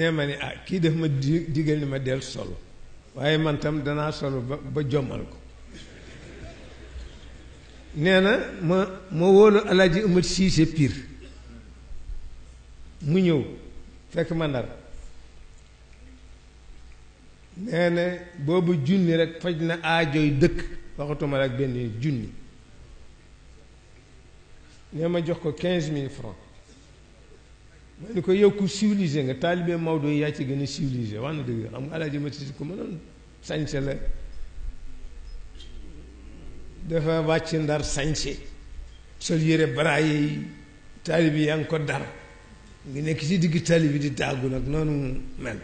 nee ma ni ah kii def ma di digal ni ma del solo waaye mantam tam danaa solo ba ba jommal ko nee na ma ma wóolu alaaji Umar Siise Piir mu ñëw fekk ma ndar nee na boobu junni rek faj na aajoy dëkk waxatuma rek benn junni nee ma jox ko quinze mille francs ma ni ko yow ku nga taalibe Maodo yi yaa ci gën a civilisé wax na dëgg xam nga alaaji ma si ko mënoon sañse la dafa wàcc ndar sañse sol yére baraaye yi taalibe yaa ngi ko dar ngi nekk ci digg taalibe di tàggu nag noonu mel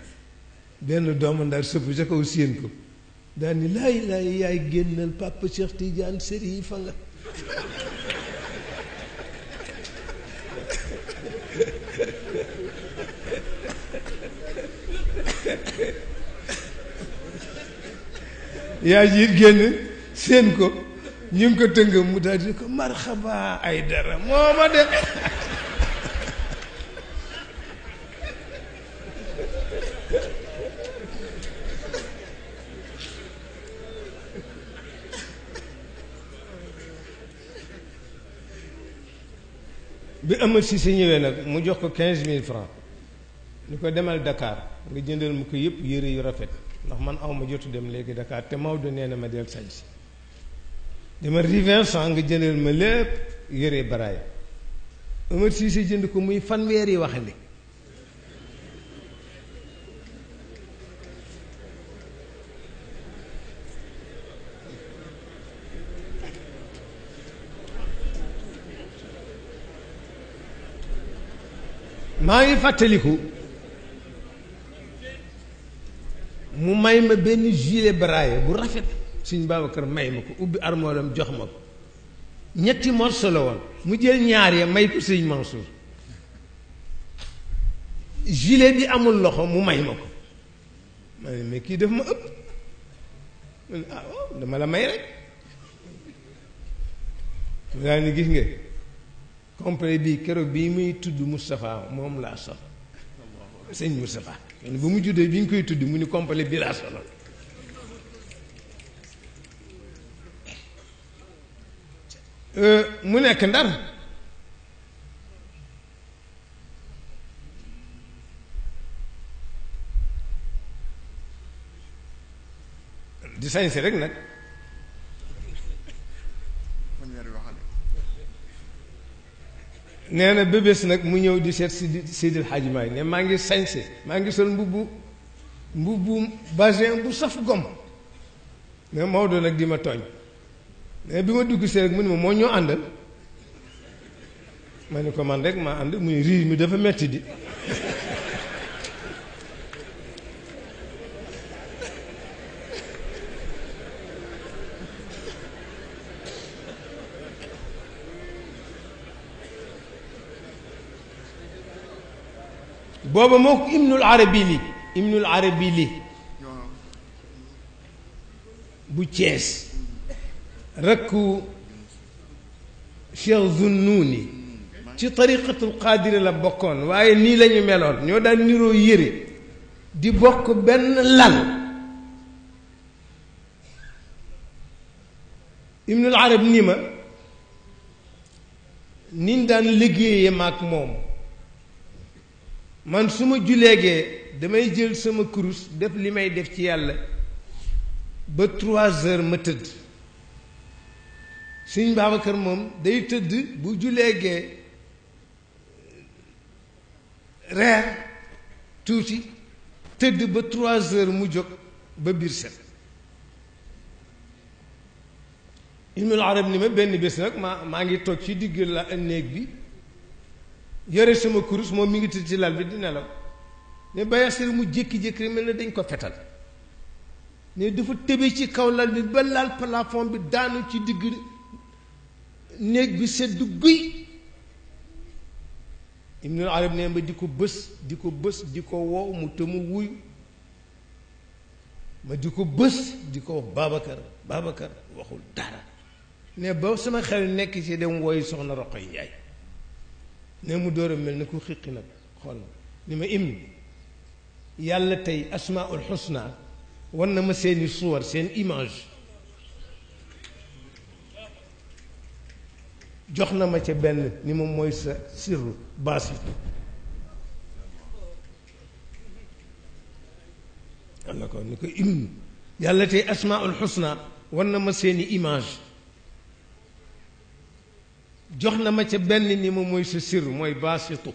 benn doomu ndar sëpp sa kaw séen ko daal ni laay laay yaay génnal Papa Cheikh Tidiane Serigne fa nga yaa ji it génn seen ko ñu ngi ko tënk mu ko marxaba ay dara moo de bi amal si sa ñëwee nag mu jox ko quinze mille francs ni ko demal Dakar nga jëndal mu ko yëpp yére yu rafet ndax man awma jotu dem léegi Dakar te Maodo nee na ma del sañ si dama rivin san nga jëndal ma lépp yére baraay amal si sa jënd ko muy fanweeri waxande ما يفتليكو مو مايما بن جيلي براي بو رافيت سيني بابكر مايمكو اوبي ارمولم جوخمك نيتي مورسو لا وون مو جيل ñaar يا مايكو سيني منصور جيلي بي امول لوخو مو مايمكو ماني مكي داف ما اوب من اه دا مالا ماي رك داني غيس complet bii keroog bii muy tudd Moustapha moom laa sol sëñ Moustapha kon bu mu juddee bi ñu koy tudd mu ni complet bi laa soloon euh, mu nekk ndar di sañse rek nag nee na bébés nag mu ñëw di seet si Seydil Hadji Maay ne maa ngi sañse maa ngi sol mbubbu bu basin bu saf gom ne Maodo nag di ma tooñ ne bi ma dugg see rek mu ne ma moo ñoo àndal ma ni ko man rek ma ànd muy riir mi dafa metti di booba moo ko ibnul arabi li ibnul arabi li bu Cees rakku Cheikh Zunnuuni ci tariqatul qaadiri la bokkoon waaye nii lañu meloon ñoo daan niroo yére di bokk benn lal ibnul arab ni ma niñ daan liggéeye maak moom man su ma juleegee damay jël sama kurus def li may def ci yàlla ba trois heures ma tëdd Sëriñ Babacar moom day tëdd bu juleegee reer tuuti tëdd ba trois heures mu jóg ba biir set Ibnul Arab ni ma benn bés nag maa ngi toog ci digg la néeg bi yore sama kurus moom mi ngi tëdd ci lal bi di nelaw ne Bayasir mu jékki-jékki rek mel na dañ ko fetal ne dafa tëbe ci kaw lal bi ba laal plafond bi daanu ci digg néeg bi sedd guy Ibnul Arab ne ba di ko bës di ko bës di ko wow mu tëmu wuyu ma di ko bës di ko wax Babacar Babacar waxul dara ne ba sama xel nekk ci dem woyu soxna Roqoy Njaay ne mu dóor a mel ne ku xiqi nag xool li ma im yàlla tey asmaul xusna wan na ma seeni suwar seen image jox na ma ca benn ni ma mooy sa sirru baas yi yàlla ko ni ko im yàlla tey asmaul xusna wan na ma seeni image jox na ma ca benn ni ma mooy sa sir mooy baasitu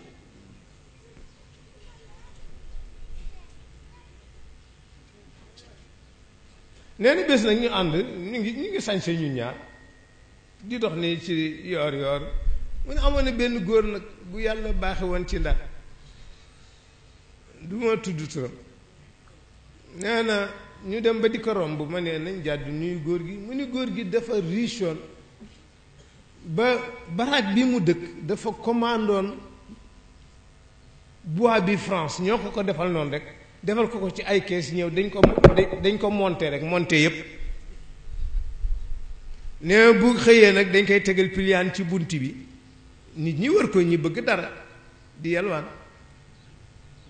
nee na bés nag ñu ànd ñu ngi ñu ngi sañse ñu ñaar di dox nii ci yoor yoor mu ne amoon na benn góor nag bu yàlla baaxe woon ci ndar du ma tudd turam nee na ñu dem ba di ko romb ma nee nañ jàdd nuyu góor gi mu ni góor gi dafa riisoon ba baraag bi mu dëkk dafa commandoon bois bi France ñoo ko ko defal noonu rek defal ko ko ci ay kees ñëw dañ ko dañ ko monter rek monter yépp nee bu xëyee nag dañ koy tegal piliyaan ci bunt bi nit ñi wër ko ñi bëgg dara di yalwaan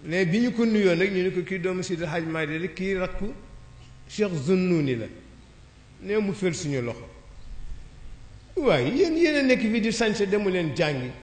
ne bi ñu ko nuyoo nag ñu ne ko kii doomu Seydi Hadji Malick kii rakku Cheikh Zunnuuni la nee mu fël suñu loxo waaye yéen yéen nekk fii di sañse demu leen jàngi